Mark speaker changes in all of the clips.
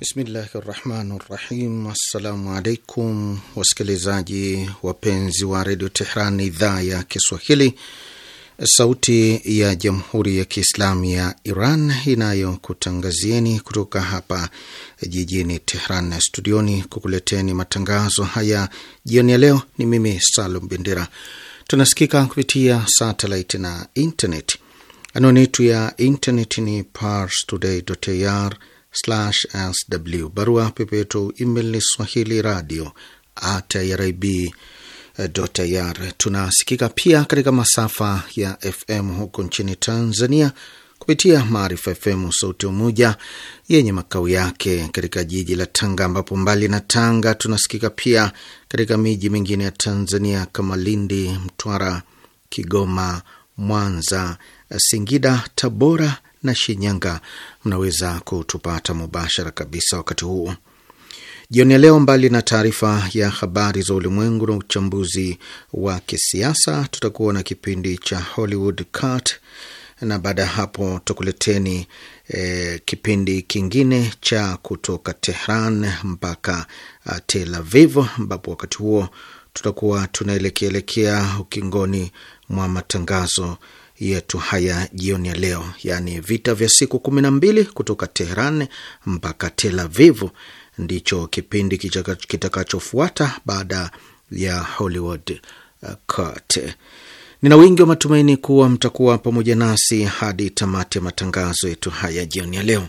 Speaker 1: Bismillahi rahmani rahim. Assalamu alaikum wasikilizaji wapenzi wa redio Tehran, idhaa ya Kiswahili, sauti ya jamhuri ya Kiislamu ya Iran inayokutangazieni kutoka hapa jijini Tehran na studioni kukuleteni matangazo haya jioni ya leo. Ni mimi Salum Bendera. Tunasikika kupitia satelit na internet. Anwani yetu ya internet ni parstoday.ir sw. Barua pepe yetu email ni swahili radio at irib ir. Tunasikika pia katika masafa ya FM huko nchini Tanzania kupitia Maarifa FM Sauti Umoja yenye makao yake katika jiji la Tanga, ambapo mbali na Tanga tunasikika pia katika miji mingine ya Tanzania kama Lindi, Mtwara, Kigoma, Mwanza, Singida, Tabora na Shinyanga. Mnaweza kutupata mubashara kabisa wakati huu jioni ya leo. Mbali na taarifa ya habari za ulimwengu na uchambuzi wa kisiasa, tutakuwa na kipindi cha Hollywood Cut na baada ya hapo tukuleteni e, eh, kipindi kingine cha kutoka Tehran mpaka ah, Tel Aviv, ambapo wakati huo tutakuwa tunaelekeelekea ukingoni mwa matangazo yetu haya jioni ya leo, yaani vita vya siku kumi na mbili kutoka Teheran mpaka Tel Avivu ndicho kipindi kitakachofuata baada ya Hollywood uh, Court. Nina wingi wa matumaini kuwa mtakuwa pamoja nasi hadi tamati ya matangazo yetu haya jioni ya leo.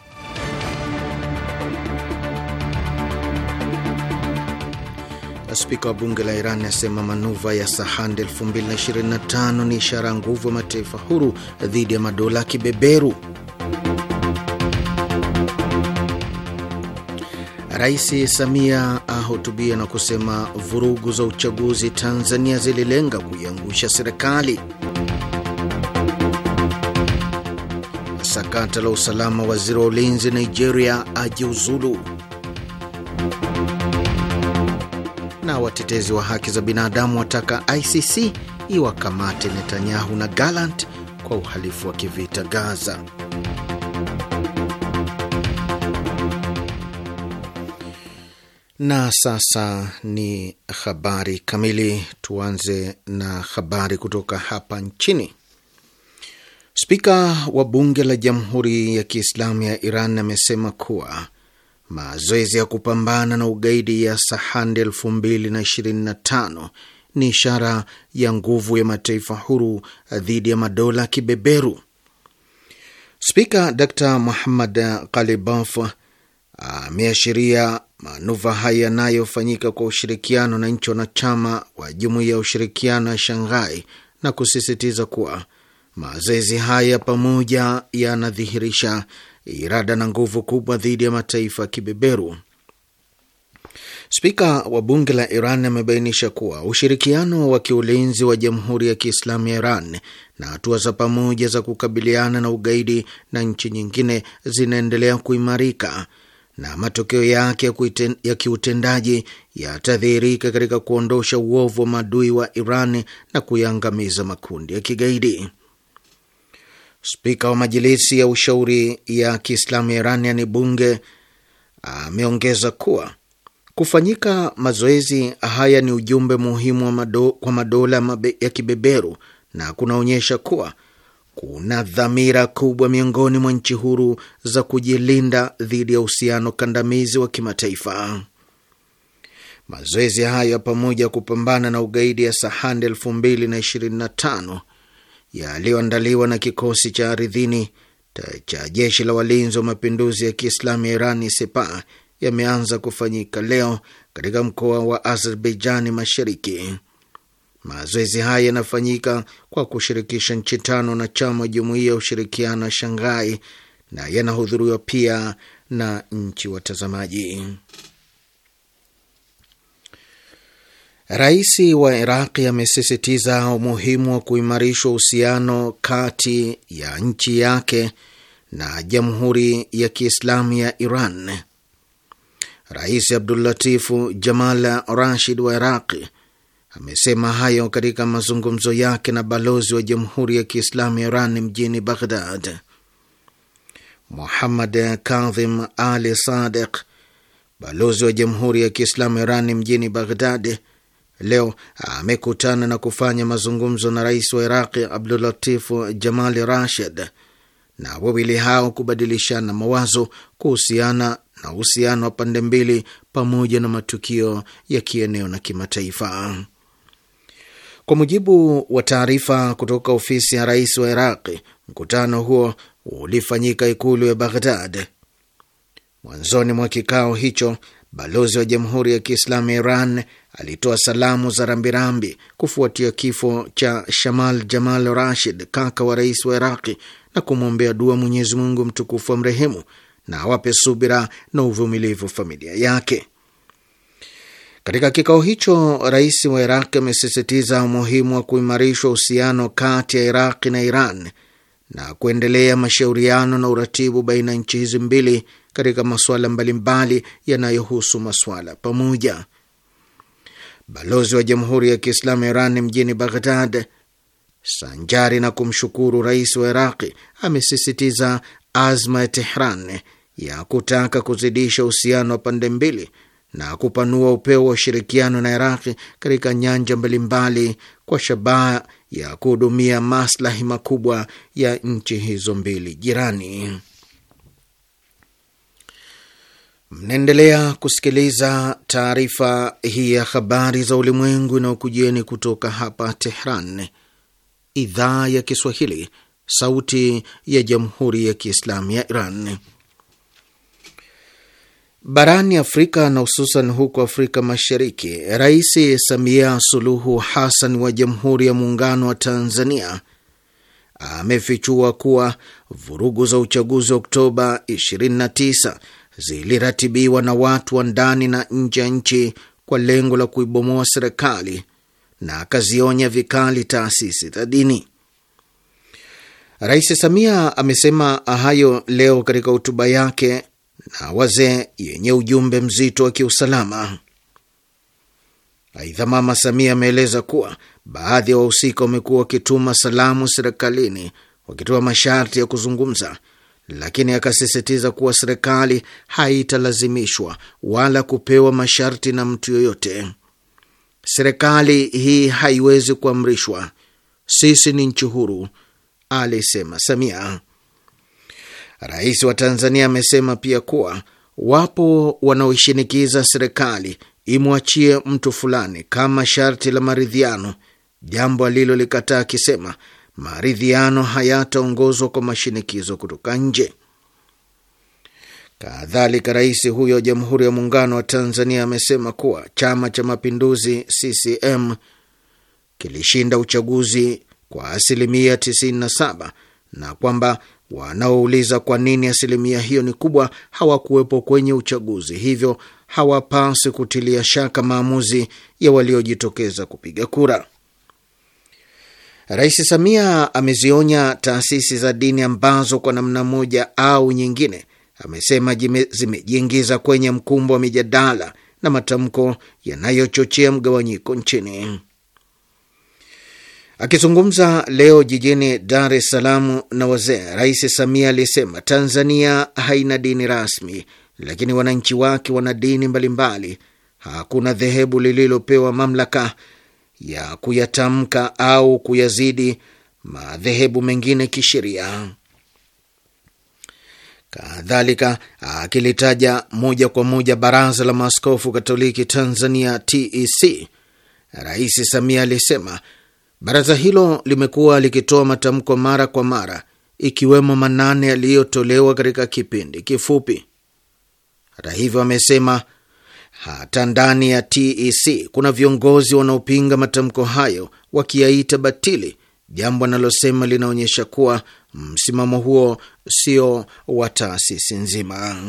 Speaker 1: Spika wa bunge la Iran asema manuva ya Sahand 2025 ni ishara ya nguvu ya mataifa huru dhidi ya madola kibeberu. Rais Samia ahutubia na kusema vurugu za uchaguzi Tanzania zililenga kuiangusha serikali. Sakata la usalama, waziri wa ulinzi Nigeria ajiuzulu. watetezi wa haki za binadamu wataka ICC iwakamate Netanyahu na Gallant kwa uhalifu wa kivita Gaza. Na sasa ni habari kamili. Tuanze na habari kutoka hapa nchini. Spika wa bunge la Jamhuri ya Kiislamu ya Iran amesema kuwa mazoezi ya kupambana na ugaidi ya Sahandi 2025 ni ishara ya nguvu ya mataifa huru dhidi ya madola kibeberu. Spika Dr Muhammad Kalibaf ameashiria manuva haya yanayofanyika kwa ushirikiano na nchi wanachama wa jumuiya ya ushirikiano ya Shanghai na kusisitiza kuwa mazoezi haya pamoja yanadhihirisha irada na nguvu kubwa dhidi ya mataifa ya kibeberu. Spika wa bunge la Iran amebainisha kuwa ushirikiano wa kiulinzi wa Jamhuri ya Kiislamu ya Iran na hatua za pamoja za kukabiliana na ugaidi na nchi nyingine zinaendelea kuimarika na matokeo yake ya kiutendaji yatadhihirika katika kuondosha uovu wa maadui wa Iran na kuyaangamiza makundi ya kigaidi. Spika wa Majilisi ya Ushauri ya Kiislamu ya Iran, yani bunge, ameongeza kuwa kufanyika mazoezi haya ni ujumbe muhimu wa mado, kwa madola ya kibeberu na kunaonyesha kuwa kuna dhamira kubwa miongoni mwa nchi huru za kujilinda dhidi ya uhusiano kandamizi wa kimataifa. Mazoezi hayo pamoja ya kupambana na ugaidi ya Sahand 225 yaliyoandaliwa na kikosi cha ardhini cha jeshi la walinzi wa mapinduzi ya Kiislamu ya Irani sepa yameanza kufanyika leo katika mkoa wa Azerbaijani Mashariki. Mazoezi haya yanafanyika kwa kushirikisha nchi tano na chama jumuiya ya ushirikiano wa Shanghai na yanahudhuriwa pia na nchi watazamaji. Rais wa Iraqi amesisitiza umuhimu wa kuimarisha uhusiano kati ya nchi yake na Jamhuri ya Kiislamu ya Iran. Rais Abdulatifu Jamal Rashid wa Iraqi amesema hayo katika mazungumzo yake na balozi wa Jamhuri ya Kiislamu ya Iran mjini Baghdad, Muhammad Kadhim Ali Sadiq. Balozi wa Jamhuri ya Kiislamu ya Iran mjini Baghdad leo amekutana na kufanya mazungumzo na rais wa Iraqi abdulatif jamal Rashid na wawili hao kubadilishana mawazo kuhusiana na uhusiano wa pande mbili pamoja na matukio ya kieneo na kimataifa. Kwa mujibu wa taarifa kutoka ofisi ya rais wa Iraqi, mkutano huo ulifanyika ikulu ya Baghdad. Mwanzoni mwa kikao hicho Balozi wa Jamhuri ya Kiislamu ya Iran alitoa salamu za rambirambi kufuatia kifo cha Shamal Jamal Rashid, kaka wa rais wa Iraqi, na kumwombea dua Mwenyezi Mungu mtukufu wa mrehemu na awape subira na uvumilivu familia yake. Katika kikao hicho, rais wa Iraqi amesisitiza umuhimu wa kuimarishwa uhusiano kati ya Iraqi na Iran na kuendelea mashauriano na uratibu baina ya nchi hizi mbili katika masuala mbalimbali yanayohusu masuala pamoja. Balozi wa Jamhuri ya Kiislamu Iran mjini Baghdad, sanjari na kumshukuru rais wa Iraqi, amesisitiza azma ya Tehran ya kutaka kuzidisha uhusiano wa pande mbili na kupanua upeo wa ushirikiano na Iraqi katika nyanja mbalimbali kwa shabaha ya kuhudumia maslahi makubwa ya nchi hizo mbili jirani. Mnaendelea kusikiliza taarifa hii ya habari za ulimwengu inayokujieni kutoka hapa Tehran, idhaa ya Kiswahili, sauti ya jamhuri ya kiislamu ya Iran. Barani Afrika na hususan huko Afrika Mashariki, Rais Samia Suluhu Hassan wa Jamhuri ya Muungano wa Tanzania amefichua kuwa vurugu za uchaguzi wa Oktoba 29 ziliratibiwa na watu wa ndani na nje ya nchi kwa lengo la kuibomoa serikali na akazionya vikali taasisi za dini. Rais Samia amesema hayo leo katika hotuba yake na wazee yenye ujumbe mzito wa kiusalama. Aidha, Mama Samia ameeleza kuwa baadhi ya wa wahusika wamekuwa wakituma salamu serikalini wakitoa masharti ya kuzungumza lakini akasisitiza kuwa serikali haitalazimishwa wala kupewa masharti na mtu yoyote. Serikali hii haiwezi kuamrishwa. Sisi ni nchi huru, alisema Samia. Rais wa Tanzania amesema pia kuwa wapo wanaoishinikiza serikali imwachie mtu fulani kama sharti la maridhiano, jambo alilolikataa akisema maridhiano hayataongozwa kwa mashinikizo kutoka nje. Kadhalika, rais huyo wa Jamhuri ya Muungano wa Tanzania amesema kuwa Chama cha Mapinduzi CCM kilishinda uchaguzi kwa asilimia 97 na kwamba wanaouliza kwa nini asilimia hiyo ni kubwa hawakuwepo kwenye uchaguzi, hivyo hawapasi kutilia shaka maamuzi ya waliojitokeza kupiga kura. Rais Samia amezionya taasisi za dini ambazo kwa namna moja au nyingine amesema zimejiingiza kwenye mkumbo wa mijadala na matamko yanayochochea mgawanyiko nchini. Akizungumza leo jijini Dar es Salaam na wazee, Rais Samia alisema Tanzania haina dini rasmi, lakini wananchi wake wana dini mbalimbali. Hakuna dhehebu lililopewa mamlaka ya kuyatamka au kuyazidi madhehebu mengine kisheria. Kadhalika akilitaja moja kwa moja Baraza la Maaskofu Katoliki Tanzania, TEC, Rais Samia alisema baraza hilo limekuwa likitoa matamko mara kwa mara, ikiwemo manane yaliyotolewa katika kipindi kifupi. Hata hivyo, amesema hata ndani ya TEC kuna viongozi wanaopinga matamko hayo wakiyaita batili, jambo analosema linaonyesha kuwa msimamo huo sio wa taasisi nzima.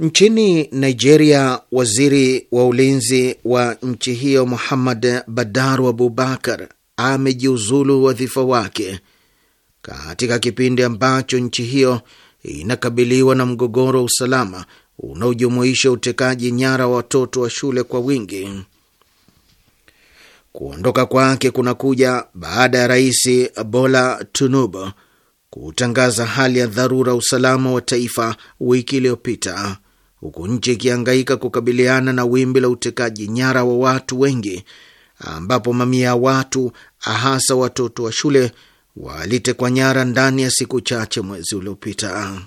Speaker 1: Nchini Nigeria, waziri wa ulinzi wa nchi hiyo Muhammad Badaru Abubakar amejiuzulu wadhifa wake katika kipindi ambacho nchi hiyo inakabiliwa na mgogoro wa usalama unaojumuisha utekaji nyara wa watoto wa shule kwa wingi. Kuondoka kwake kunakuja baada ya Rais Bola Tinubu kutangaza hali ya dharura usalama wa taifa wiki iliyopita, huku nchi ikihangaika kukabiliana na wimbi la utekaji nyara wa watu wengi, ambapo mamia ya watu hasa watoto wa shule walitekwa nyara ndani ya siku chache mwezi uliopita.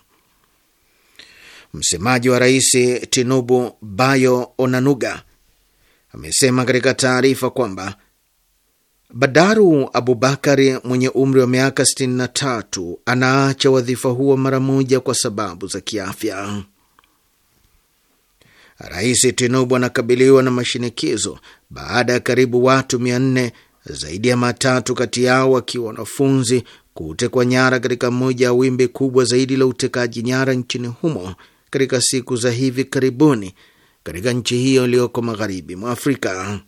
Speaker 1: Msemaji wa rais Tinubu, Bayo Onanuga, amesema katika taarifa kwamba Badaru Abubakari mwenye umri wa miaka 63 anaacha wadhifa huo mara moja kwa sababu za kiafya. Rais Tinubu anakabiliwa na mashinikizo baada ya karibu watu zaidi ya matatu kati yao wakiwa wanafunzi, kutekwa nyara katika moja ya wimbi kubwa zaidi la utekaji nyara nchini humo katika siku za hivi karibuni katika nchi hiyo iliyoko magharibi mwa Afrika.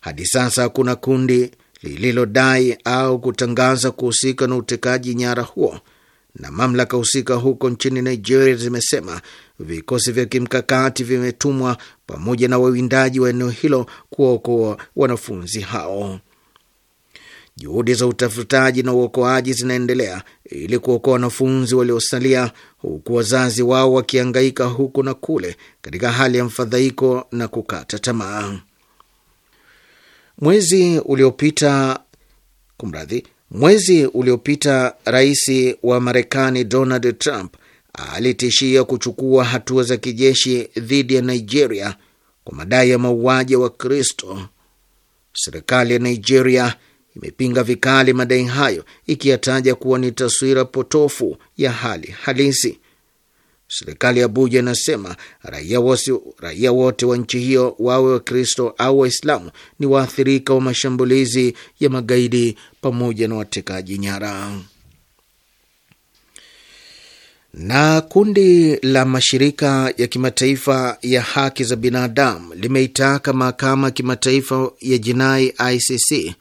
Speaker 1: Hadi sasa hakuna kundi lililodai au kutangaza kuhusika na utekaji nyara huo na mamlaka husika huko nchini Nigeria zimesema vikosi vya kimkakati vimetumwa pamoja na wawindaji wa eneo hilo kuwaokoa wanafunzi hao. Juhudi za utafutaji na uokoaji zinaendelea ili kuokoa wanafunzi waliosalia, huku wazazi wao wakiangaika huku na kule katika hali ya mfadhaiko na kukata tamaa. Mwezi uliopita, kumradhi Mwezi uliopita rais wa Marekani Donald Trump alitishia kuchukua hatua za kijeshi dhidi ya Nigeria kwa madai ya mauaji ya Wakristo. Serikali ya Nigeria imepinga vikali madai hayo, ikiyataja kuwa ni taswira potofu ya hali halisi. Serikali ya Abuja inasema raia wote wa nchi hiyo wawe Wakristo au Waislamu ni waathirika wa mashambulizi ya magaidi pamoja na watekaji nyara. Na kundi la mashirika ya kimataifa ya haki za binadamu limeitaka mahakama ya kimataifa ya jinai ICC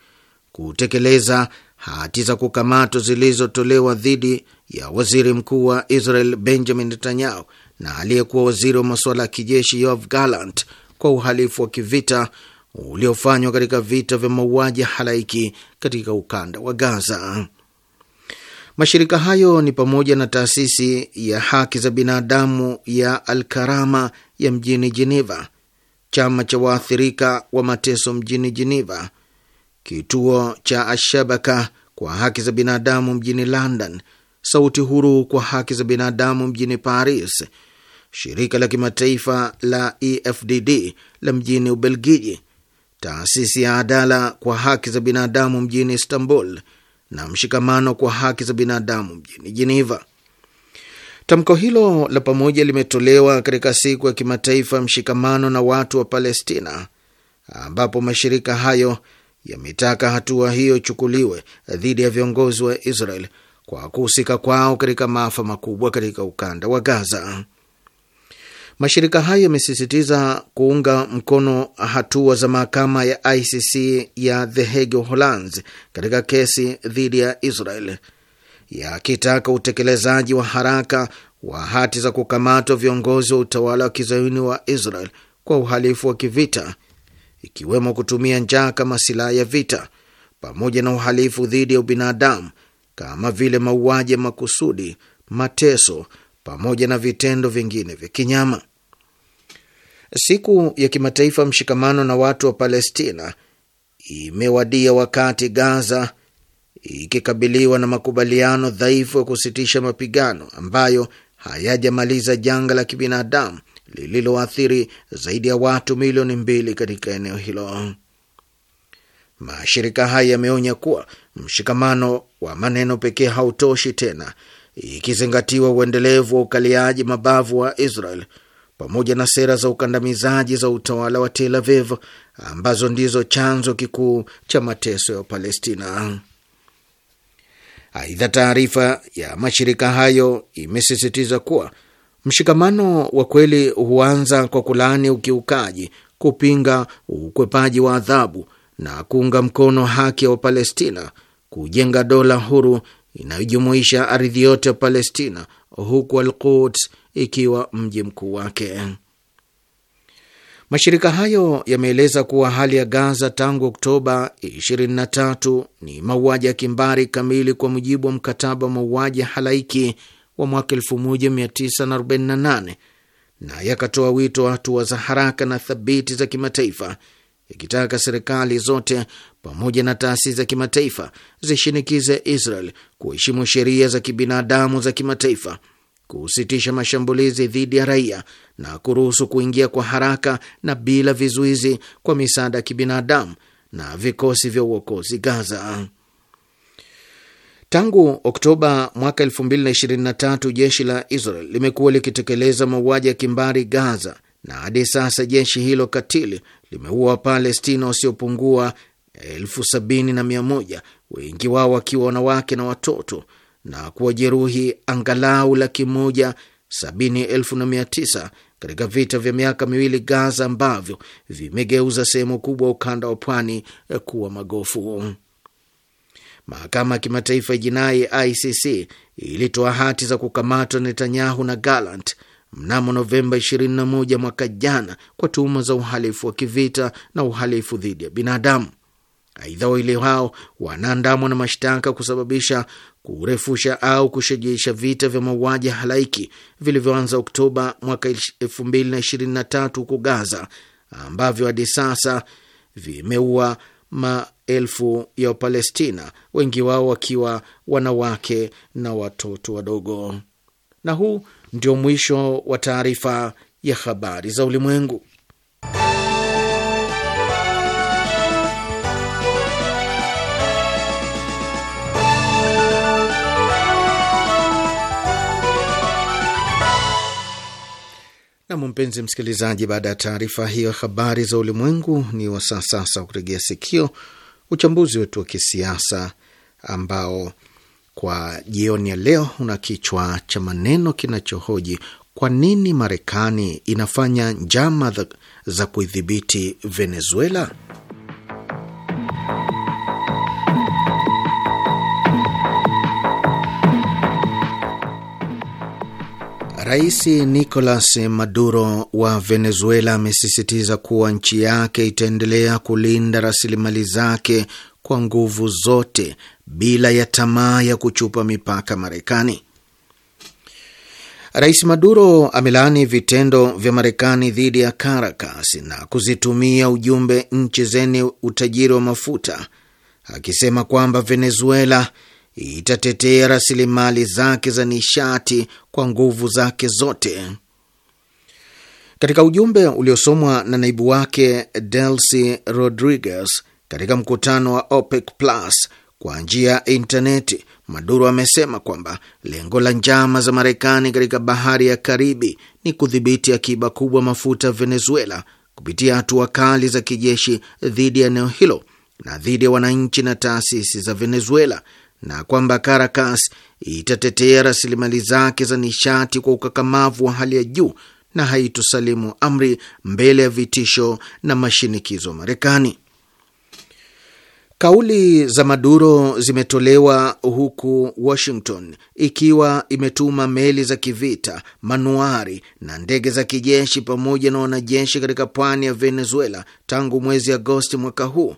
Speaker 1: kutekeleza hati za kukamatwa zilizotolewa dhidi ya waziri mkuu wa Israel Benjamin Netanyahu na aliyekuwa waziri wa masuala ya kijeshi Yoav Gallant kwa uhalifu wa kivita uliofanywa katika vita vya mauaji halaiki katika ukanda wa Gaza. Mashirika hayo ni pamoja na taasisi ya haki za binadamu ya Alkarama ya mjini Jeneva, chama cha waathirika wa mateso mjini Jeneva, kituo cha Ashabaka kwa haki za binadamu mjini London, Sauti Huru kwa haki za binadamu mjini Paris, shirika la kimataifa la EFDD la mjini Ubelgiji, taasisi ya Adala kwa haki za binadamu mjini Istanbul na mshikamano kwa haki za binadamu mjini Jeneva. Tamko hilo la pamoja limetolewa katika siku ya kimataifa mshikamano na watu wa Palestina, ambapo mashirika hayo yametaka hatua hiyo ichukuliwe dhidi ya viongozi wa Israel kwa kuhusika kwao katika maafa makubwa katika ukanda wa Gaza. Mashirika hayo yamesisitiza kuunga mkono hatua za mahakama ya ICC ya The Hague, Holands katika kesi dhidi ya Israel, yakitaka utekelezaji wa haraka wa hati za kukamatwa viongozi wa utawala wa kizayuni wa Israel kwa uhalifu wa kivita ikiwemo kutumia njaa kama silaha ya vita pamoja na uhalifu dhidi ya ubinadamu kama vile mauaji ya makusudi, mateso pamoja na vitendo vingine vya kinyama. Siku ya kimataifa mshikamano na watu wa Palestina imewadia wakati Gaza ikikabiliwa na makubaliano dhaifu ya kusitisha mapigano ambayo hayajamaliza janga la kibinadamu lililoathiri zaidi ya watu milioni mbili katika eneo hilo. Mashirika haya yameonya kuwa mshikamano wa maneno pekee hautoshi tena, ikizingatiwa uendelevu wa ukaliaji mabavu wa Israel pamoja na sera za ukandamizaji za utawala wa Tel Aviv ambazo ndizo chanzo kikuu cha mateso ya Palestina. Aidha, taarifa ya mashirika hayo imesisitiza kuwa Mshikamano wa kweli huanza kwa kulaani ukiukaji, kupinga ukwepaji wa adhabu na kuunga mkono haki ya Wapalestina, kujenga dola huru inayojumuisha ardhi yote ya Palestina, huku Al-Quds ikiwa mji mkuu wake. Mashirika hayo yameeleza kuwa hali ya Gaza tangu Oktoba 23 ni mauaji ya kimbari kamili kwa mujibu wa mkataba wa mauaji halaiki wa mwaka 1948 naye akatoa wito wa hatua za haraka na thabiti za kimataifa, ikitaka serikali zote pamoja na taasisi za kimataifa zishinikize Israel kuheshimu sheria za kibinadamu za kimataifa, kusitisha mashambulizi dhidi ya raia na kuruhusu kuingia kwa haraka na bila vizuizi kwa misaada ya kibinadamu na vikosi vya uokozi Gaza. Tangu Oktoba mwaka 2023 jeshi la Israel limekuwa likitekeleza mauaji ya kimbari Gaza, na hadi sasa jeshi hilo katili limeua Wapalestina wasiopungua elfu sabini na mia moja, wengi wao wakiwa wanawake na watoto na kuwajeruhi angalau laki moja sabini elfu na mia tisa katika vita vya miaka miwili Gaza ambavyo vimegeuza sehemu kubwa ukanda wa pwani kuwa magofu mahakama ya kimataifa ya jinai ICC ilitoa hati za kukamatwa Netanyahu na Gallant mnamo Novemba 21 mwaka jana kwa tuhuma za uhalifu wa kivita na uhalifu dhidi ya binadamu. Aidha, wawili hao wanaandamwa na mashtaka kusababisha kurefusha au kushajiisha vita vya mauaji halaiki vilivyoanza Oktoba mwaka 2023 huko Gaza ambavyo hadi sasa vimeua maelfu ya Wapalestina, wengi wao wakiwa wanawake na watoto wadogo. Na huu ndio mwisho wa taarifa ya habari za ulimwengu. Nam, mpenzi msikilizaji, baada ya taarifa hiyo habari za ulimwengu, ni wasaa sasa wa kuregea sikio uchambuzi wetu wa kisiasa ambao kwa jioni ya leo una kichwa cha maneno kinachohoji kwa nini Marekani inafanya njama za kuidhibiti Venezuela. Rais Nicolas Maduro wa Venezuela amesisitiza kuwa nchi yake itaendelea kulinda rasilimali zake kwa nguvu zote bila ya tamaa ya kuchupa mipaka Marekani. Rais Maduro amelaani vitendo vya Marekani dhidi ya Caracas na kuzitumia ujumbe nchi zenye utajiri wa mafuta akisema kwamba Venezuela itatetea rasilimali zake za nishati kwa nguvu zake zote. Katika ujumbe uliosomwa na naibu wake Delcy Rodriguez katika mkutano wa OPEC Plus kwa njia ya intaneti, Maduro amesema kwamba lengo la njama za Marekani katika bahari ya Karibi ni kudhibiti akiba kubwa mafuta Venezuela kupitia hatua kali za kijeshi dhidi ya eneo hilo na dhidi ya wananchi na taasisi za Venezuela na kwamba Caracas itatetea rasilimali zake za nishati kwa ukakamavu wa hali ya juu na haitosalimu amri mbele ya vitisho na mashinikizo Marekani. Kauli za Maduro zimetolewa huku Washington ikiwa imetuma meli za kivita, manuari na ndege za kijeshi pamoja na wanajeshi katika pwani ya Venezuela tangu mwezi Agosti mwaka huu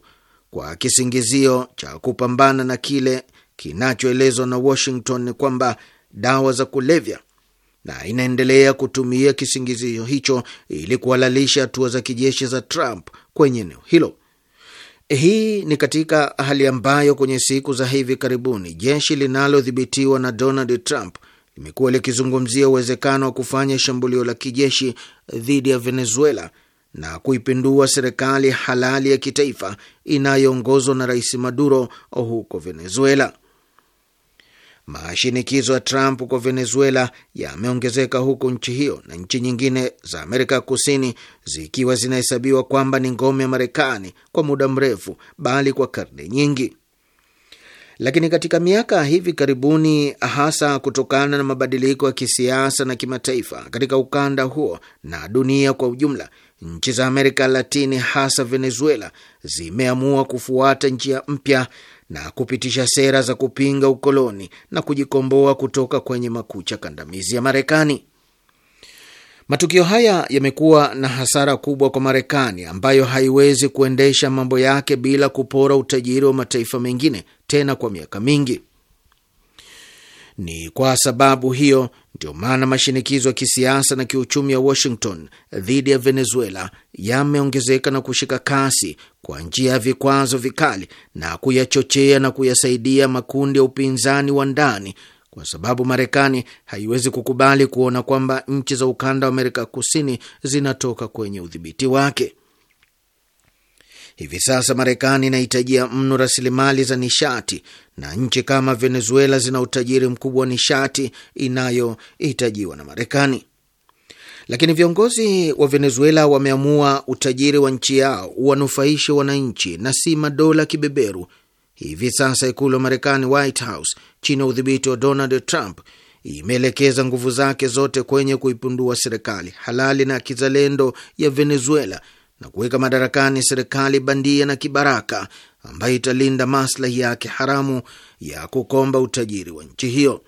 Speaker 1: kwa kisingizio cha kupambana na kile Kinachoelezwa na Washington ni kwamba dawa za kulevya na inaendelea kutumia kisingizio hicho ili kuhalalisha hatua za kijeshi za Trump kwenye eneo hilo. Hii ni katika hali ambayo kwenye siku za hivi karibuni jeshi linalodhibitiwa na Donald Trump limekuwa likizungumzia uwezekano wa kufanya shambulio la kijeshi dhidi ya Venezuela na kuipindua serikali halali ya kitaifa inayoongozwa na Rais Maduro huko Venezuela. Mashinikizo ya Trump kwa Venezuela yameongezeka huku nchi hiyo na nchi nyingine za Amerika Kusini zikiwa zinahesabiwa kwamba ni ngome ya Marekani kwa muda mrefu, bali kwa karne nyingi. Lakini katika miaka hivi karibuni, hasa kutokana na mabadiliko ya kisiasa na kimataifa katika ukanda huo na dunia kwa ujumla, nchi za Amerika Latini, hasa Venezuela, zimeamua kufuata njia mpya na kupitisha sera za kupinga ukoloni na kujikomboa kutoka kwenye makucha kandamizi ya Marekani. Matukio haya yamekuwa na hasara kubwa kwa Marekani ambayo haiwezi kuendesha mambo yake bila kupora utajiri wa mataifa mengine tena kwa miaka mingi. Ni kwa sababu hiyo ndio maana mashinikizo ya kisiasa na kiuchumi ya Washington dhidi ya Venezuela yameongezeka na kushika kasi kwa njia ya vikwazo vikali na kuyachochea na kuyasaidia makundi ya upinzani wa ndani, kwa sababu Marekani haiwezi kukubali kuona kwamba nchi za ukanda wa Amerika Kusini zinatoka kwenye udhibiti wake. Hivi sasa Marekani inahitajia mno rasilimali za nishati na nchi kama Venezuela zina utajiri mkubwa wa nishati inayohitajiwa na Marekani. Lakini viongozi wa Venezuela wameamua utajiri wa nchi yao uwanufaishe wananchi na si madola kibeberu. Hivi sasa ikulu ya Marekani, White House, chini ya udhibiti wa Donald Trump, imeelekeza nguvu zake zote kwenye kuipindua serikali halali na kizalendo ya Venezuela na kuweka madarakani serikali bandia na kibaraka ambayo italinda maslahi yake haramu ya kukomba utajiri wa nchi hiyo.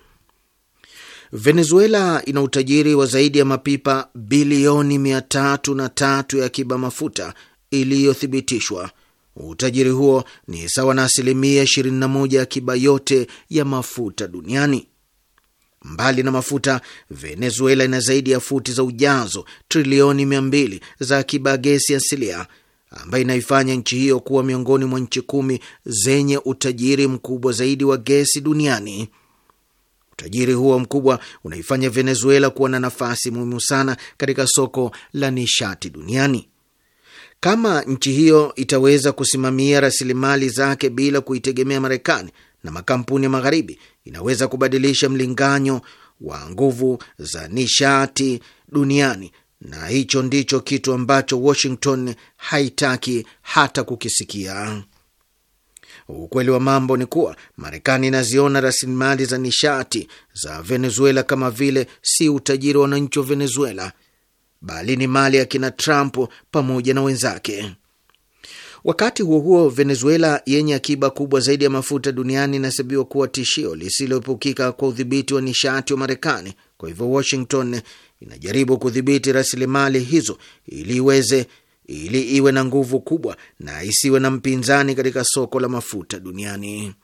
Speaker 1: Venezuela ina utajiri wa zaidi ya mapipa bilioni mia tatu na tatu ya akiba mafuta iliyothibitishwa. Utajiri huo ni sawa na asilimia 21 ya akiba yote ya mafuta duniani. Mbali na mafuta, Venezuela ina zaidi ya futi za ujazo trilioni mia mbili za kibagesi asilia ambayo inaifanya nchi hiyo kuwa miongoni mwa nchi kumi zenye utajiri mkubwa zaidi wa gesi duniani. Utajiri huo mkubwa unaifanya Venezuela kuwa na nafasi muhimu sana katika soko la nishati duniani. Kama nchi hiyo itaweza kusimamia rasilimali zake bila kuitegemea Marekani na makampuni ya Magharibi, inaweza kubadilisha mlinganyo wa nguvu za nishati duniani, na hicho ndicho kitu ambacho Washington haitaki hata kukisikia. Ukweli wa mambo ni kuwa Marekani inaziona rasilimali za nishati za Venezuela kama vile si utajiri wa wananchi wa Venezuela, bali ni mali ya kina Trump pamoja na wenzake. Wakati huo huo, Venezuela yenye akiba kubwa zaidi ya mafuta duniani inahesabiwa kuwa tishio lisiloepukika kwa udhibiti wa nishati wa Marekani. Kwa hivyo, Washington inajaribu kudhibiti rasilimali hizo ili iweze ili iwe na nguvu kubwa na isiwe na mpinzani katika soko la mafuta duniani.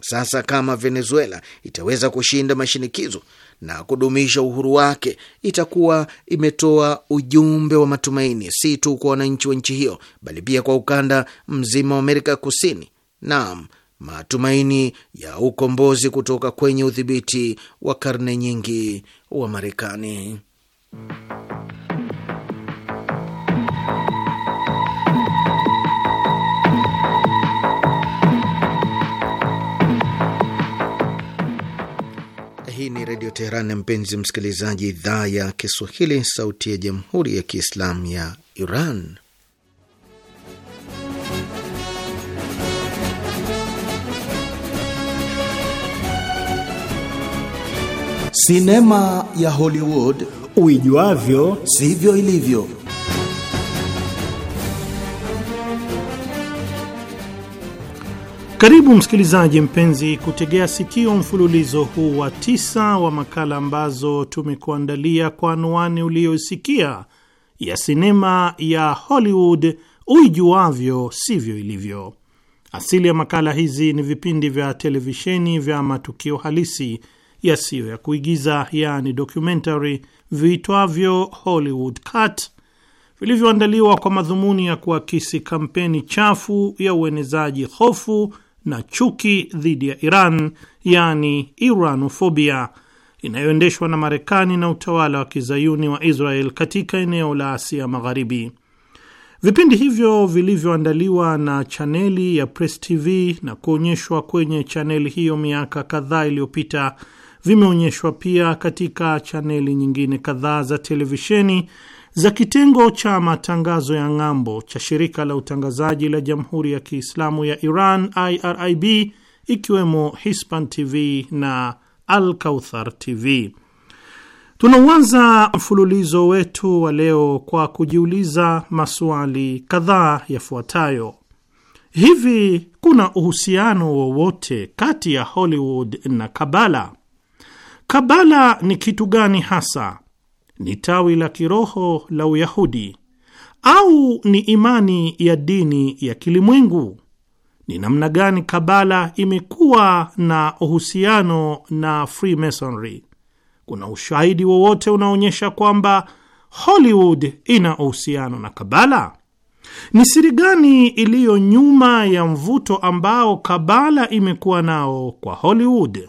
Speaker 1: Sasa kama Venezuela itaweza kushinda mashinikizo na kudumisha uhuru wake, itakuwa imetoa ujumbe wa matumaini si tu kwa wananchi wa nchi hiyo, bali pia kwa ukanda mzima wa Amerika Kusini. Naam, matumaini ya ukombozi kutoka kwenye udhibiti wa karne nyingi wa Marekani. Hii ni Redio Teheran, mpenzi msikilizaji, idhaa ya Kiswahili, sauti ya jamhuri ya Kiislamu ya Iran. Sinema ya Hollywood
Speaker 2: uijuavyo sivyo ilivyo. Karibu msikilizaji mpenzi kutegea sikio mfululizo huu wa tisa wa makala ambazo tumekuandalia kwa anwani uliyoisikia ya sinema ya Hollywood uijuavyo sivyo ilivyo. Asili ya makala hizi ni vipindi vya televisheni vya matukio halisi yasiyo ya kuigiza, yaani documentary, viitwavyo Hollywood Cut vilivyoandaliwa kwa madhumuni ya kuakisi kampeni chafu ya uenezaji hofu na chuki dhidi ya Iran, yani Iranofobia, inayoendeshwa na Marekani na utawala wa kizayuni wa Israel katika eneo la Asia Magharibi. Vipindi hivyo vilivyoandaliwa na chaneli ya Press TV na kuonyeshwa kwenye chaneli hiyo miaka kadhaa iliyopita vimeonyeshwa pia katika chaneli nyingine kadhaa za televisheni za kitengo cha matangazo ya ng'ambo cha shirika la utangazaji la Jamhuri ya Kiislamu ya Iran IRIB, ikiwemo Hispan TV na Al Kauthar TV. Tunauanza mfululizo wetu wa leo kwa kujiuliza maswali kadhaa yafuatayo. Hivi kuna uhusiano wowote kati ya Hollywood na Kabala? Kabala ni kitu gani hasa? ni tawi la kiroho la Uyahudi au ni imani ya dini ya kilimwengu? Ni namna gani Kabala imekuwa na uhusiano na Freemasonry? Kuna ushahidi wowote unaonyesha kwamba Hollywood ina uhusiano na Kabala? Ni siri gani iliyo nyuma ya mvuto ambao Kabala imekuwa nao kwa Hollywood?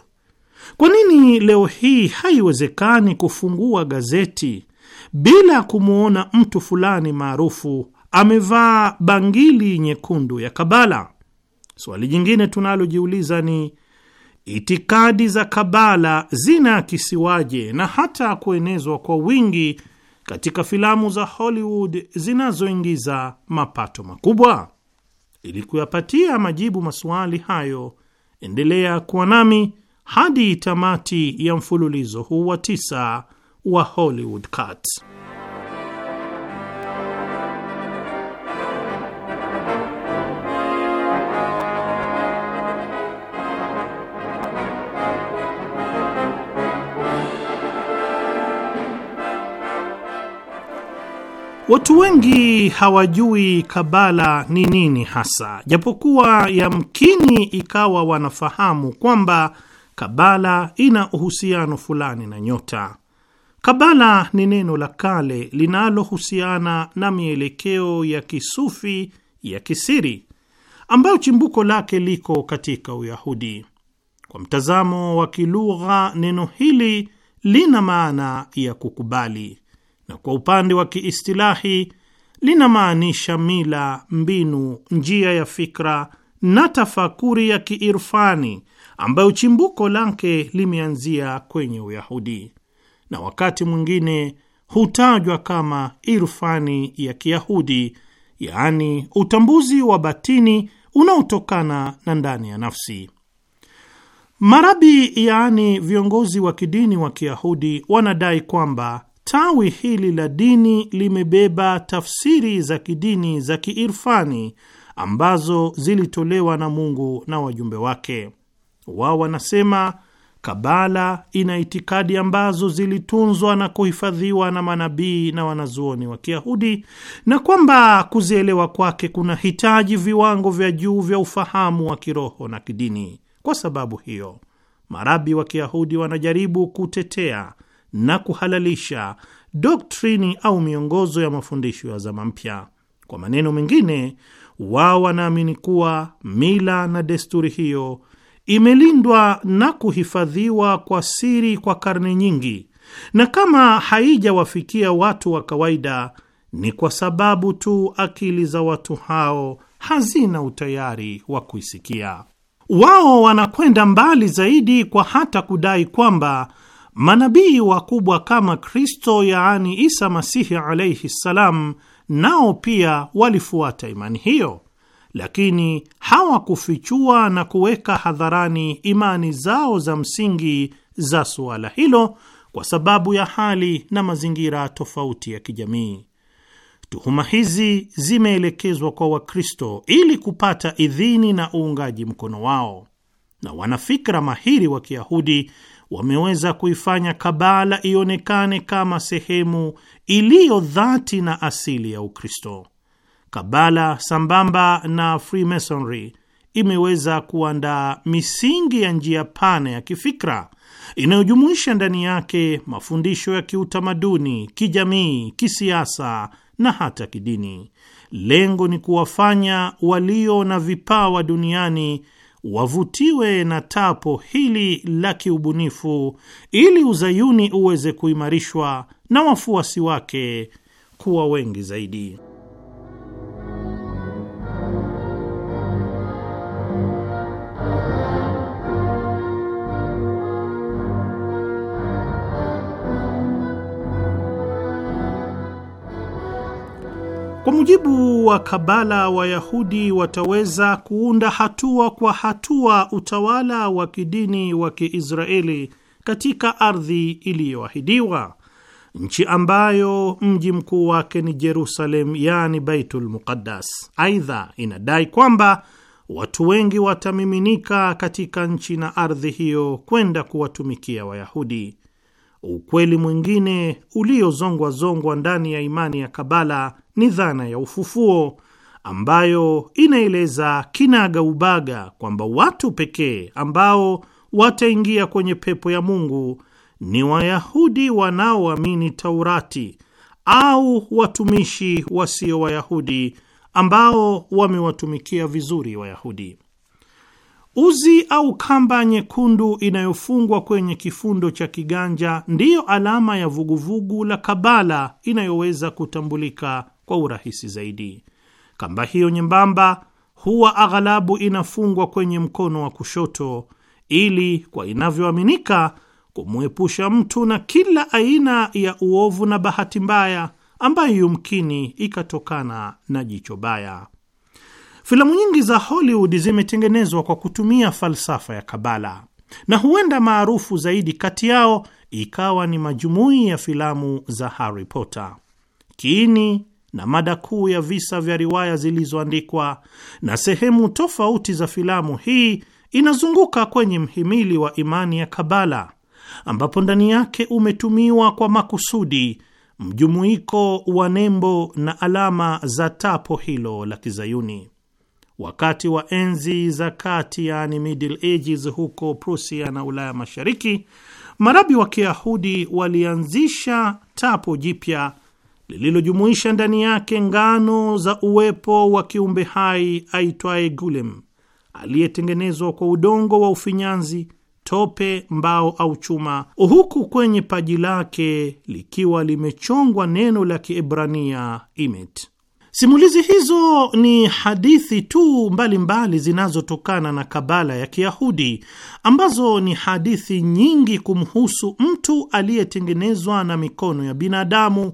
Speaker 2: Kwa nini leo hii haiwezekani kufungua gazeti bila kumwona mtu fulani maarufu amevaa bangili nyekundu ya Kabala? Swali jingine tunalojiuliza ni itikadi za Kabala zinaakisiwaje na hata kuenezwa kwa wingi katika filamu za Hollywood zinazoingiza mapato makubwa? Ili kuyapatia majibu maswali hayo, endelea kuwa nami hadi tamati ya mfululizo huu wa tisa wa Hollywood Cut. Watu wengi hawajui Kabala ni nini hasa, japokuwa yamkini ikawa wanafahamu kwamba Kabala ina uhusiano fulani na nyota. Kabala ni neno la kale linalohusiana na mielekeo ya kisufi ya kisiri ambayo chimbuko lake liko katika Uyahudi. Kwa mtazamo wa kilugha, neno hili lina maana ya kukubali, na kwa upande wa kiistilahi linamaanisha mila, mbinu, njia ya fikra na tafakuri ya kiirfani ambayo chimbuko lake limeanzia kwenye Uyahudi na wakati mwingine hutajwa kama irfani ya Kiyahudi, yaani utambuzi wa batini unaotokana na ndani ya nafsi. Marabi, yaani viongozi wa kidini wa Kiyahudi, wanadai kwamba tawi hili la dini limebeba tafsiri za kidini za kiirfani ambazo zilitolewa na Mungu na wajumbe wake wao wanasema Kabala ina itikadi ambazo zilitunzwa na kuhifadhiwa na manabii na wanazuoni wa Kiyahudi na kwamba kuzielewa kwake kuna hitaji viwango vya juu vya ufahamu wa kiroho na kidini. Kwa sababu hiyo, marabi wa Kiyahudi wanajaribu kutetea na kuhalalisha doktrini au miongozo ya mafundisho ya zama mpya. Kwa maneno mengine, wao wanaamini kuwa mila na desturi hiyo imelindwa na kuhifadhiwa kwa siri kwa karne nyingi, na kama haijawafikia watu wa kawaida ni kwa sababu tu akili za watu hao hazina utayari wa kuisikia. Wao wanakwenda mbali zaidi kwa hata kudai kwamba manabii wakubwa kama Kristo, yaani Isa Masihi alaihi ssalam, nao pia walifuata imani hiyo lakini hawakufichua na kuweka hadharani imani zao za msingi za suala hilo kwa sababu ya hali na mazingira tofauti ya kijamii. Tuhuma hizi zimeelekezwa kwa Wakristo ili kupata idhini na uungaji mkono wao, na wanafikra mahiri wa Kiyahudi wameweza kuifanya Kabala ionekane kama sehemu iliyo dhati na asili ya Ukristo. Kabala sambamba na Freemasonry imeweza kuandaa misingi ya njia pana ya kifikra inayojumuisha ndani yake mafundisho ya kiutamaduni, kijamii, kisiasa na hata kidini. Lengo ni kuwafanya walio na vipawa duniani wavutiwe na tapo hili la kiubunifu ili uzayuni uweze kuimarishwa na wafuasi wake kuwa wengi zaidi. Kwa mujibu wa Kabala, Wayahudi wataweza kuunda hatua kwa hatua utawala wa kidini wa Kiisraeli katika ardhi iliyoahidiwa, nchi ambayo mji mkuu wake ni Jerusalem, yaani Baitul Muqaddas. Aidha, inadai kwamba watu wengi watamiminika katika nchi na ardhi hiyo kwenda kuwatumikia Wayahudi. Ukweli mwingine uliozongwazongwa ndani ya imani ya Kabala ni dhana ya ufufuo ambayo inaeleza kinaga ubaga kwamba watu pekee ambao wataingia kwenye pepo ya Mungu ni Wayahudi wanaoamini Taurati au watumishi wasio Wayahudi ambao wamewatumikia vizuri Wayahudi. Uzi au kamba nyekundu inayofungwa kwenye kifundo cha kiganja ndiyo alama ya vuguvugu la Kabala inayoweza kutambulika kwa urahisi zaidi. Kamba hiyo nyembamba huwa aghalabu inafungwa kwenye mkono wa kushoto ili kwa inavyoaminika kumwepusha mtu na kila aina ya uovu na bahati mbaya ambayo yumkini ikatokana na jicho baya. Filamu nyingi za Hollywood zimetengenezwa kwa kutumia falsafa ya Kabala, na huenda maarufu zaidi kati yao ikawa ni majumui ya filamu za Harry Potter. Kiini na mada kuu ya visa vya riwaya zilizoandikwa na sehemu tofauti za filamu hii inazunguka kwenye mhimili wa imani ya Kabala, ambapo ndani yake umetumiwa kwa makusudi mjumuiko wa nembo na alama za tapo hilo la Kizayuni wakati wa enzi za kati, yani Middle Ages, huko prusia na Ulaya Mashariki, marabi wa Kiyahudi walianzisha tapo jipya lililojumuisha ndani yake ngano za uwepo wa kiumbe hai aitwaye gulem aliyetengenezwa kwa udongo wa ufinyanzi, tope, mbao au chuma, huku kwenye paji lake likiwa limechongwa neno la Kiebrania imet. Simulizi hizo ni hadithi tu mbalimbali zinazotokana na kabala ya Kiyahudi ambazo ni hadithi nyingi kumhusu mtu aliyetengenezwa na mikono ya binadamu,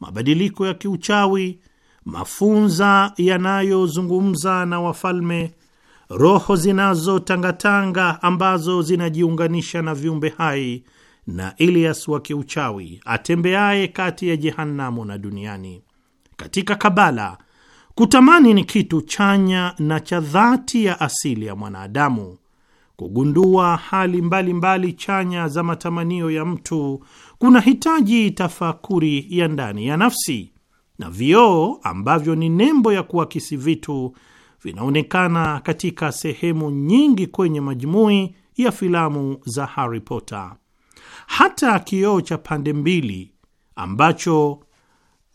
Speaker 2: mabadiliko ya kiuchawi, mafunza yanayozungumza na wafalme, roho zinazotangatanga ambazo zinajiunganisha na viumbe hai na Elias wa kiuchawi atembeaye kati ya jehanamu na duniani. Katika Kabala, kutamani ni kitu chanya na cha dhati ya asili ya mwanadamu. Kugundua hali mbalimbali mbali chanya za matamanio ya mtu kuna hitaji tafakuri ya ndani ya nafsi, na vioo ambavyo ni nembo ya kuakisi vitu vinaonekana katika sehemu nyingi kwenye majumui ya filamu za Harry Potter. Hata kioo cha pande mbili ambacho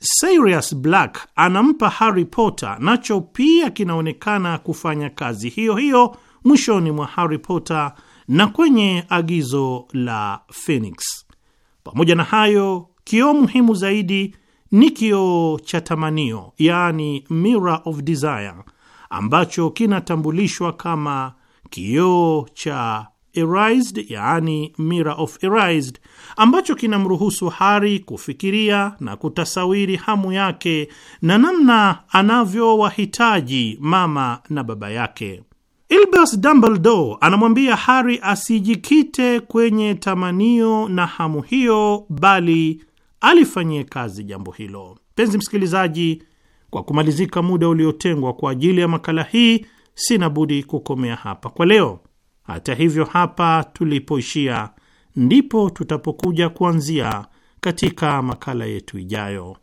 Speaker 2: Sirius Black anampa Harry Potter, nacho pia kinaonekana kufanya kazi hiyo hiyo mwishoni mwa Harry Potter na kwenye agizo la Phoenix. Pamoja na hayo, kioo muhimu zaidi ni kioo cha tamanio, yaani Mirror of Desire, ambacho kinatambulishwa kama kioo cha Erised, yaani Mirror of Erised ambacho kinamruhusu Hari kufikiria na kutasawiri hamu yake na namna anavyowahitaji mama na baba yake. Albus Dumbledore anamwambia Hari asijikite kwenye tamanio na hamu hiyo, bali alifanyie kazi jambo hilo. Mpenzi msikilizaji, kwa kumalizika muda uliotengwa kwa ajili ya makala hii, sina budi kukomea hapa kwa leo. Hata hivyo, hapa tulipoishia ndipo tutapokuja kuanzia katika makala yetu ijayo.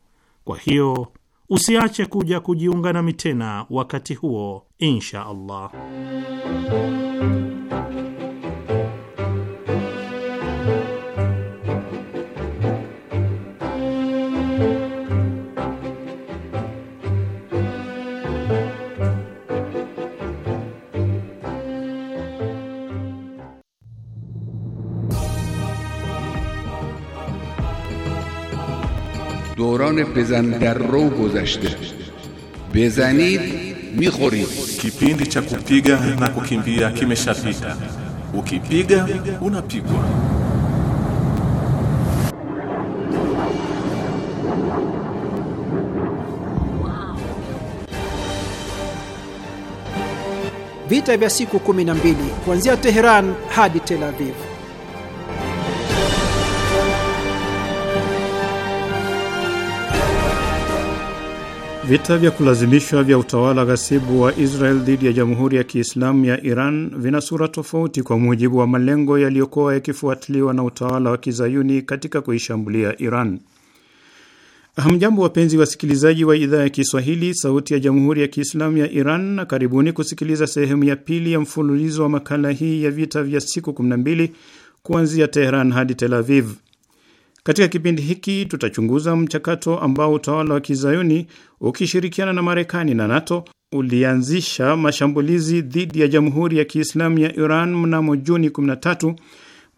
Speaker 2: Kwa hiyo usiache kuja kujiunga nami tena wakati huo, insha Allah.
Speaker 3: دوران بزن در رو گذشته بزنید میخورید کیپیندی kipindi cha kupiga na kukimbia kimeshapita اونا
Speaker 4: unapigwa
Speaker 1: vita vya siku 12 kuanzia Teheran hadi Tel Aviv
Speaker 5: Vita vya kulazimishwa vya utawala ghasibu wa Israel dhidi ya Jamhuri ya Kiislamu ya Iran vina sura tofauti kwa mujibu wa malengo yaliyokuwa yakifuatiliwa na utawala wa kizayuni katika kuishambulia Iran. Hamjambo, wapenzi wasikilizaji wa idhaa ya Kiswahili, Sauti ya Jamhuri ya Kiislamu ya Iran, na karibuni kusikiliza sehemu ya pili ya mfululizo wa makala hii ya vita vya siku 12 kuanzia Teheran hadi Tel Aviv. Katika kipindi hiki tutachunguza mchakato ambao utawala wa kizayuni ukishirikiana na Marekani na NATO ulianzisha mashambulizi dhidi ya Jamhuri ya Kiislamu ya Iran mnamo Juni 13,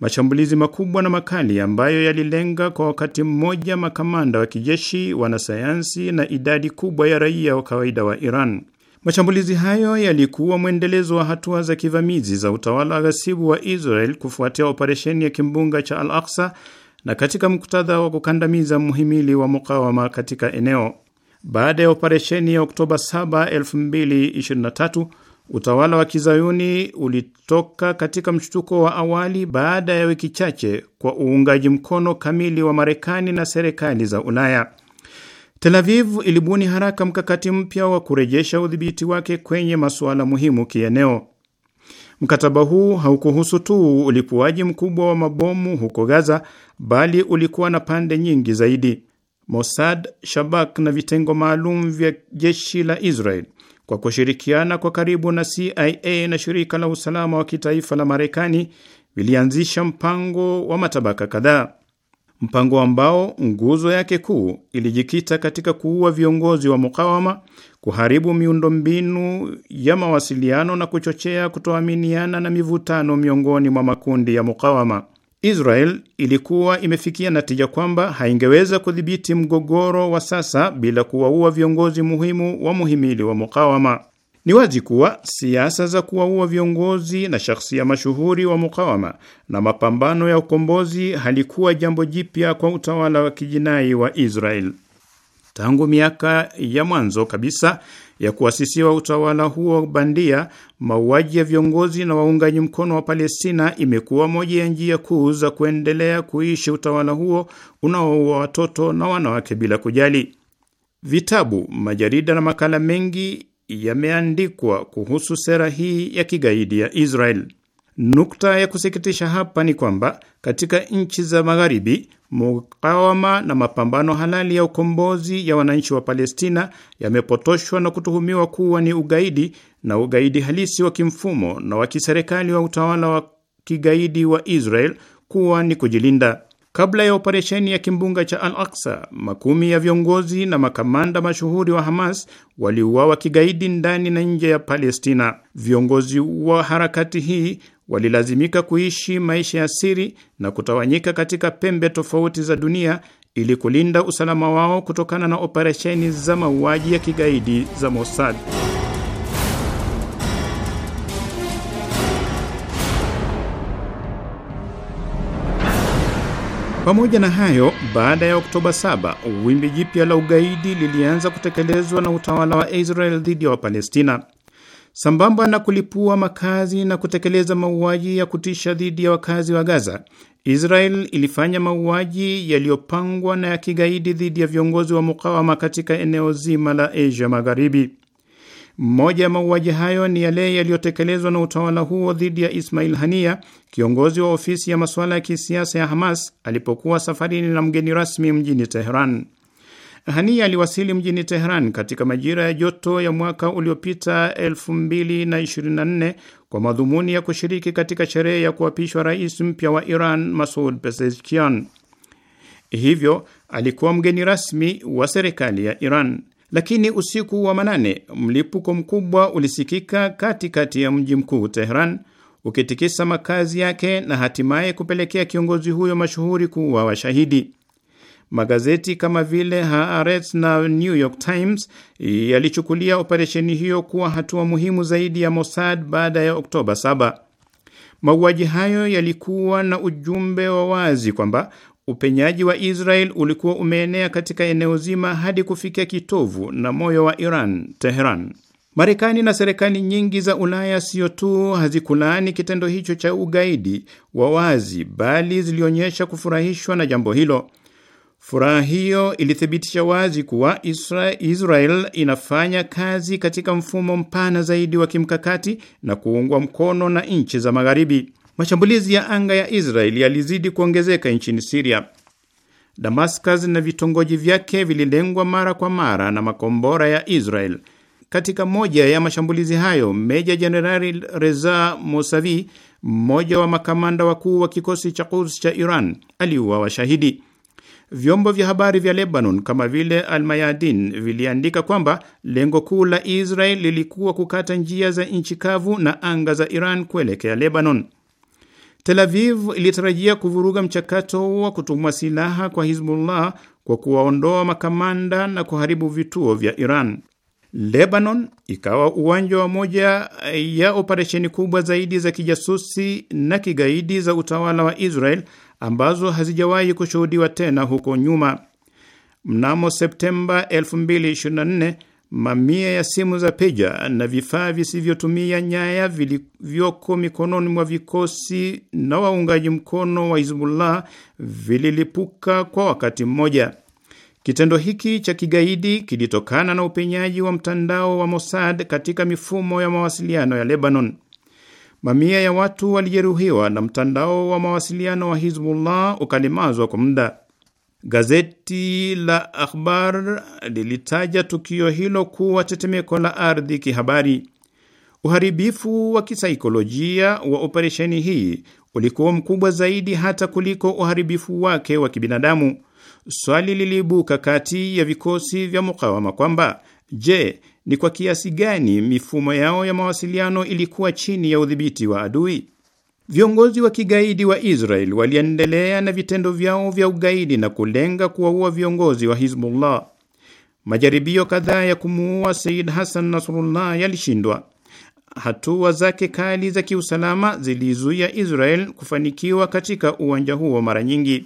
Speaker 5: mashambulizi makubwa na makali ambayo yalilenga kwa wakati mmoja makamanda wa kijeshi, wanasayansi na idadi kubwa ya raia wa kawaida wa Iran. Mashambulizi hayo yalikuwa mwendelezo wa hatua za kivamizi za utawala ghasibu wa Israel kufuatia operesheni ya kimbunga cha al aksa na katika muktadha wa kukandamiza mhimili wa mukawama katika eneo. Baada ya operesheni ya Oktoba 7, 2023 utawala wa kizayuni ulitoka katika mshtuko wa awali baada ya wiki chache kwa uungaji mkono kamili wa Marekani na serikali za Ulaya. Tel Aviv ilibuni haraka mkakati mpya wa kurejesha udhibiti wake kwenye masuala muhimu kieneo. Mkataba huu haukuhusu tu ulipuaji mkubwa wa mabomu huko Gaza, bali ulikuwa na pande nyingi zaidi. Mossad, Shabak na vitengo maalum vya jeshi la Israel kwa kushirikiana kwa karibu na CIA na shirika la usalama wa kitaifa la Marekani vilianzisha mpango wa matabaka kadhaa mpango ambao nguzo yake kuu ilijikita katika kuua viongozi wa mukawama, kuharibu miundombinu ya mawasiliano na kuchochea kutoaminiana na mivutano miongoni mwa makundi ya mukawama. Israel ilikuwa imefikia natija kwamba haingeweza kudhibiti mgogoro wa sasa bila kuwaua viongozi muhimu wa muhimili wa mukawama. Ni wazi kuwa siasa za kuwaua viongozi na shakhsia mashuhuri wa mukawama na mapambano ya ukombozi halikuwa jambo jipya kwa utawala wa kijinai wa Israel. Tangu miaka ya mwanzo kabisa ya kuasisiwa utawala huo bandia, mauaji ya viongozi na waungaji mkono wa Palestina imekuwa moja ya njia kuu za kuendelea kuishi utawala huo unaoua watoto na wanawake bila kujali. Vitabu, majarida na makala mengi yameandikwa kuhusu sera hii ya kigaidi ya Israel. Nukta ya kusikitisha hapa ni kwamba katika nchi za Magharibi, mukawama na mapambano halali ya ukombozi ya wananchi wa Palestina yamepotoshwa na kutuhumiwa kuwa ni ugaidi na ugaidi halisi wa kimfumo na wa kiserikali wa utawala wa kigaidi wa Israel kuwa ni kujilinda. Kabla ya operesheni ya kimbunga cha Al-Aqsa, makumi ya viongozi na makamanda mashuhuri wa Hamas waliuawa kigaidi ndani na nje ya Palestina. Viongozi wa harakati hii walilazimika kuishi maisha ya siri na kutawanyika katika pembe tofauti za dunia ili kulinda usalama wao kutokana na operesheni za mauaji ya kigaidi za Mossad. Pamoja na hayo, baada ya Oktoba 7 wimbi jipya la ugaidi lilianza kutekelezwa na utawala wa Israel dhidi ya Wapalestina sambamba na kulipua makazi na kutekeleza mauaji ya kutisha dhidi ya wakazi wa Gaza. Israel ilifanya mauaji yaliyopangwa na ya kigaidi dhidi ya viongozi wa mukawama katika eneo zima la Asia Magharibi. Mmoja ya mauaji hayo ni yale yaliyotekelezwa na utawala huo dhidi ya Ismail Hania, kiongozi wa ofisi ya masuala ya kisiasa ya Hamas, alipokuwa safarini na mgeni rasmi mjini Teheran. Hania aliwasili mjini Teheran katika majira ya joto ya mwaka uliopita 2024 kwa madhumuni ya kushiriki katika sherehe ya kuapishwa rais mpya wa Iran, masud Pezeshkian. Hivyo alikuwa mgeni rasmi wa serikali ya Iran lakini usiku wa manane mlipuko mkubwa ulisikika katikati kati ya mji mkuu Tehran ukitikisa makazi yake na hatimaye kupelekea kiongozi huyo mashuhuri kuwa washahidi. Magazeti kama vile Haaretz na New York Times yalichukulia operesheni hiyo kuwa hatua muhimu zaidi ya Mossad baada ya Oktoba 7. Mauaji hayo yalikuwa na ujumbe wa wazi kwamba Upenyaji wa Israel ulikuwa umeenea katika eneo zima hadi kufikia kitovu na moyo wa Iran, Teheran. Marekani na serikali nyingi za Ulaya siyo tu hazikulaani kitendo hicho cha ugaidi wa wazi, bali zilionyesha kufurahishwa na jambo hilo. Furaha hiyo ilithibitisha wazi kuwa Israel inafanya kazi katika mfumo mpana zaidi wa kimkakati na kuungwa mkono na nchi za Magharibi. Mashambulizi ya anga ya Israel yalizidi kuongezeka nchini Siria. Damascus na vitongoji vyake vililengwa mara kwa mara na makombora ya Israel. Katika moja ya mashambulizi hayo, Meja Jenerali Reza Mosavi, mmoja wa makamanda wakuu wa kikosi cha Quds cha Iran, aliuawa shahidi. Vyombo vya habari vya Lebanon kama vile Almayadin viliandika kwamba lengo kuu la Israel lilikuwa kukata njia za nchi kavu na anga za Iran kuelekea Lebanon. Tel Aviv ilitarajia kuvuruga mchakato wa kutumwa silaha kwa Hizbullah kwa kuwaondoa makamanda na kuharibu vituo vya Iran. Lebanon ikawa uwanja wa moja ya operesheni kubwa zaidi za kijasusi na kigaidi za utawala wa Israel ambazo hazijawahi kushuhudiwa tena huko nyuma. Mnamo Septemba 2024 Mamia ya simu za peja na vifaa visivyotumia nyaya vilivyoko mikononi mwa vikosi na waungaji mkono wa Hizbullah vililipuka kwa wakati mmoja. Kitendo hiki cha kigaidi kilitokana na upenyaji wa mtandao wa Mossad katika mifumo ya mawasiliano ya Lebanon. Mamia ya watu walijeruhiwa na mtandao wa mawasiliano wa Hizbullah ukalimazwa kwa muda. Gazeti la Akhbar lilitaja tukio hilo kuwa tetemeko la ardhi kihabari. Uharibifu wa kisaikolojia wa operesheni hii ulikuwa mkubwa zaidi hata kuliko uharibifu wake wa kibinadamu. Swali liliibuka kati ya vikosi vya mukawama kwamba je, ni kwa kiasi gani mifumo yao ya mawasiliano ilikuwa chini ya udhibiti wa adui? Viongozi wa kigaidi wa Israel waliendelea na vitendo vyao vya ugaidi na kulenga kuwaua viongozi wa Hizbullah. Majaribio kadhaa ya kumuua Said Hassan Nasrullah yalishindwa. Hatua zake kali za kiusalama zilizuia Israel kufanikiwa katika uwanja huo mara nyingi,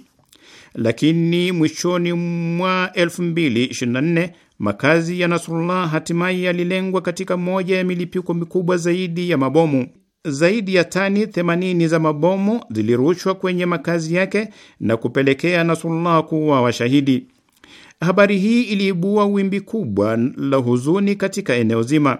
Speaker 5: lakini mwishoni mwa 2024 makazi ya Nasrullah hatimaye yalilengwa katika moja ya milipuko mikubwa zaidi ya mabomu zaidi ya tani 80 za mabomu zilirushwa kwenye makazi yake na kupelekea Nasurullah kuwa washahidi. Habari hii iliibua wimbi kubwa la huzuni katika eneo zima.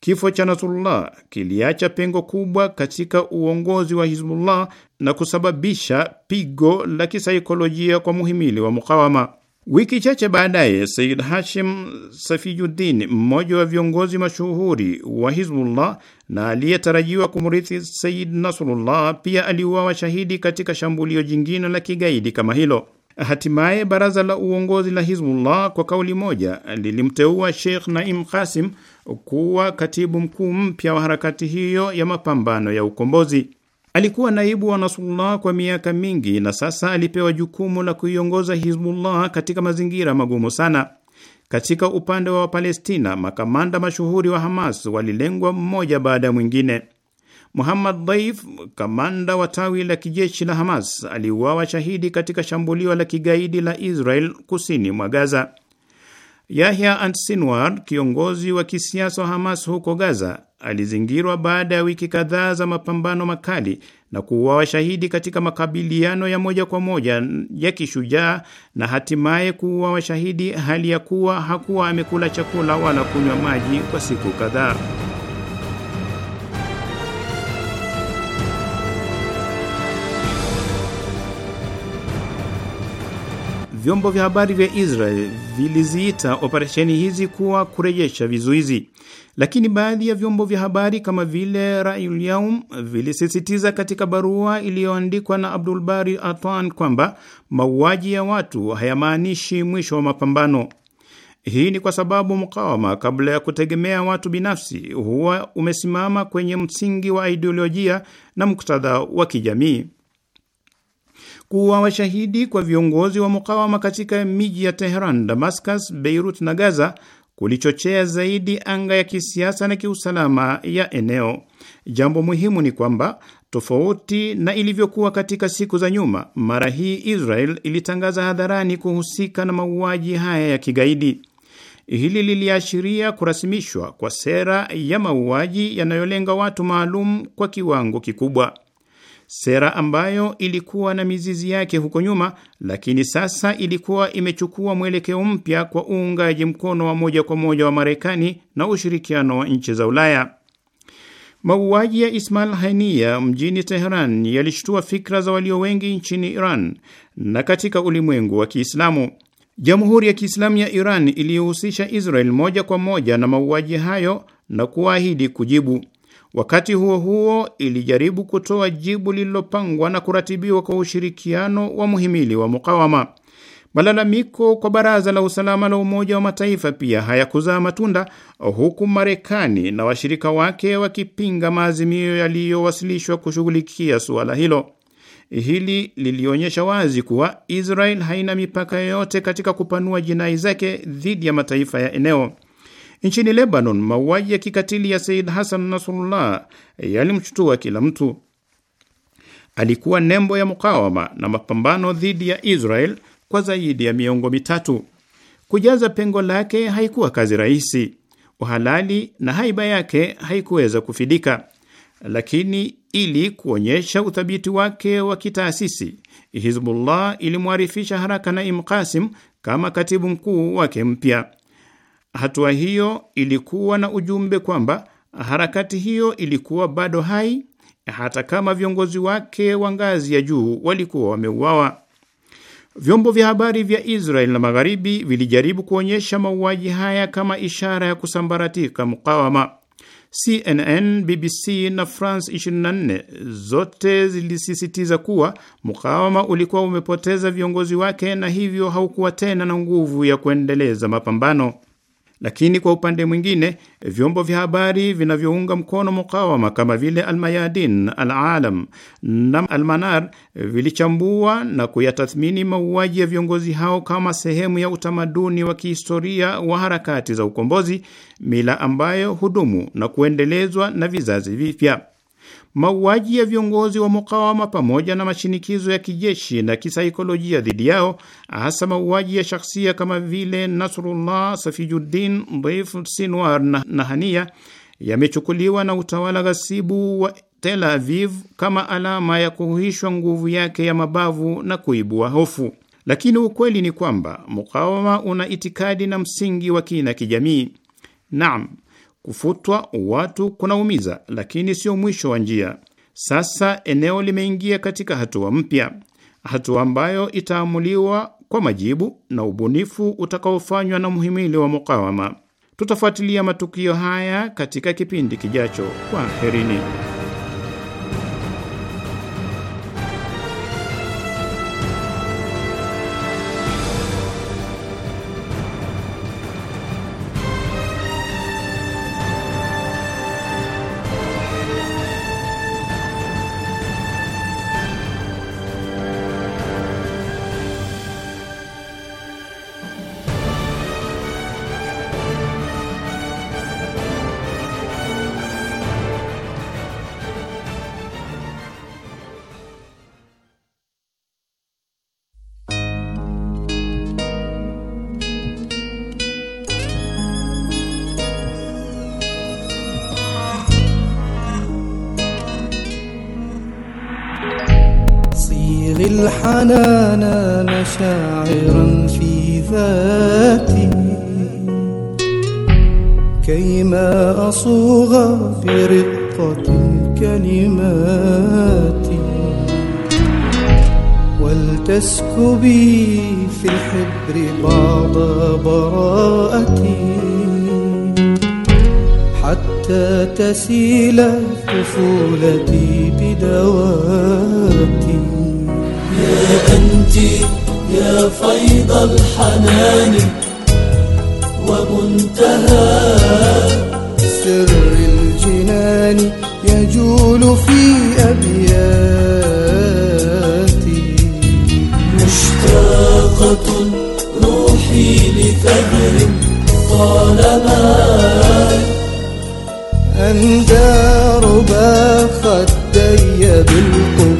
Speaker 5: Kifo cha Nasrullah kiliacha pengo kubwa katika uongozi wa Hizbullah na kusababisha pigo la kisaikolojia kwa muhimili wa mukawama. Wiki chache baadaye Said Hashim Safiyuddin, mmoja wa viongozi mashuhuri wa Hizbullah na aliyetarajiwa kumrithi Said Nasrullah, pia aliuawa shahidi katika shambulio jingine la kigaidi kama hilo. Hatimaye baraza la uongozi la Hizbullah kwa kauli moja lilimteua Sheikh Naim Qasim kuwa katibu mkuu mpya wa harakati hiyo ya mapambano ya ukombozi. Alikuwa naibu wa Nasrullah kwa miaka mingi na sasa alipewa jukumu la kuiongoza Hizbullah katika mazingira magumu sana. Katika upande wa Palestina, makamanda mashuhuri wa Hamas walilengwa mmoja baada ya mwingine. Muhammad daif kamanda wa tawi la kijeshi la Hamas, aliuawa shahidi katika shambulio la kigaidi la Israel kusini mwa Gaza. Yahya Ansinwar, kiongozi wa kisiasa wa Hamas huko Gaza, alizingirwa baada ya wiki kadhaa za mapambano makali na kuuawa shahidi katika makabiliano ya moja kwa moja ya kishujaa na hatimaye kuuawa shahidi hali ya kuwa hakuwa amekula chakula wala kunywa maji kwa siku kadhaa. Vyombo vya habari vya Israel viliziita operesheni hizi kuwa kurejesha vizuizi lakini baadhi ya vyombo vya habari kama vile Rayul Yaum vilisisitiza katika barua iliyoandikwa na Abdul Bari Atwan kwamba mauaji ya watu hayamaanishi mwisho wa mapambano. Hii ni kwa sababu mukawama, kabla ya kutegemea watu binafsi, huwa umesimama kwenye msingi wa ideolojia na muktadha wa kijamii. Kuwa washahidi kwa viongozi wa mukawama katika miji ya Teheran, Damascus, Beirut na Gaza kulichochea zaidi anga ya kisiasa na kiusalama ya eneo. Jambo muhimu ni kwamba tofauti na ilivyokuwa katika siku za nyuma, mara hii Israel ilitangaza hadharani kuhusika na mauaji haya ya kigaidi. Hili liliashiria kurasimishwa kwa sera ya mauaji yanayolenga watu maalum kwa kiwango kikubwa sera ambayo ilikuwa na mizizi yake huko nyuma, lakini sasa ilikuwa imechukua mwelekeo mpya kwa uungaji mkono wa moja kwa moja wa Marekani na ushirikiano wa nchi za Ulaya. Mauaji ya Ismail Hania mjini Teheran yalishtua fikra za walio wengi nchini Iran na katika ulimwengu wa Kiislamu. Jamhuri ya Kiislamu ya Iran iliyohusisha Israel moja kwa moja na mauaji hayo na kuahidi kujibu. Wakati huo huo, ilijaribu kutoa jibu lililopangwa na kuratibiwa kwa ushirikiano wa muhimili wa mukawama. Malalamiko kwa Baraza la Usalama la Umoja wa Mataifa pia hayakuzaa matunda, huku Marekani na washirika wake wakipinga maazimio yaliyowasilishwa kushughulikia suala hilo. Hili lilionyesha wazi kuwa Israel haina mipaka yoyote katika kupanua jinai zake dhidi ya mataifa ya eneo. Nchini Lebanon, mauaji ya kikatili ya Said Hassan Nasrullah yalimshutua kila mtu. Alikuwa nembo ya mukawama na mapambano dhidi ya Israel kwa zaidi ya miongo mitatu. Kujaza pengo lake haikuwa kazi rahisi. Uhalali na haiba yake haikuweza kufidika, lakini ili kuonyesha uthabiti wake wa kitaasisi, Hizbullah ilimwarifisha haraka Naim Qasim kama katibu mkuu wake mpya. Hatua hiyo ilikuwa na ujumbe kwamba harakati hiyo ilikuwa bado hai hata kama viongozi wake wa ngazi ya juu walikuwa wameuawa. Vyombo vya habari vya Israel na Magharibi vilijaribu kuonyesha mauaji haya kama ishara ya kusambaratika mukawama. CNN, BBC na France 24 zote zilisisitiza kuwa mukawama ulikuwa umepoteza viongozi wake na hivyo haukuwa tena na nguvu ya kuendeleza mapambano. Lakini kwa upande mwingine, vyombo vya habari vinavyounga mkono mukawama kama vile Almayadin, Alalam na Almanar vilichambua na kuyatathmini mauaji ya viongozi hao kama sehemu ya utamaduni wa kihistoria wa harakati za ukombozi, mila ambayo hudumu na kuendelezwa na vizazi vipya mauaji ya viongozi wa mukawama pamoja na mashinikizo ya kijeshi na kisaikolojia dhidi yao, hasa mauaji ya shakhsia kama vile Nasrullah, Safijuddin, Daif Sinwar na, na Hania yamechukuliwa na utawala ghasibu wa Tel Aviv kama alama ya kuhuishwa nguvu yake ya mabavu na kuibua hofu. Lakini ukweli ni kwamba mukawama una itikadi na msingi wa kina kijamii. Naam, Kufutwa watu kunaumiza, lakini sio mwisho wa njia. Sasa eneo limeingia katika hatua mpya, hatua ambayo itaamuliwa kwa majibu na ubunifu utakaofanywa na mhimili wa mukawama. Tutafuatilia matukio haya katika kipindi kijacho.
Speaker 2: kwa herini.
Speaker 4: تسكبي في الحبر بعض براءتي حتى تسيل طفولتي بدواتي يا أنت يا فيض الحنان ومنتهى سر الجنان يجول في أبيات روحي لفجر طالما أندى ربا خدي بالقبور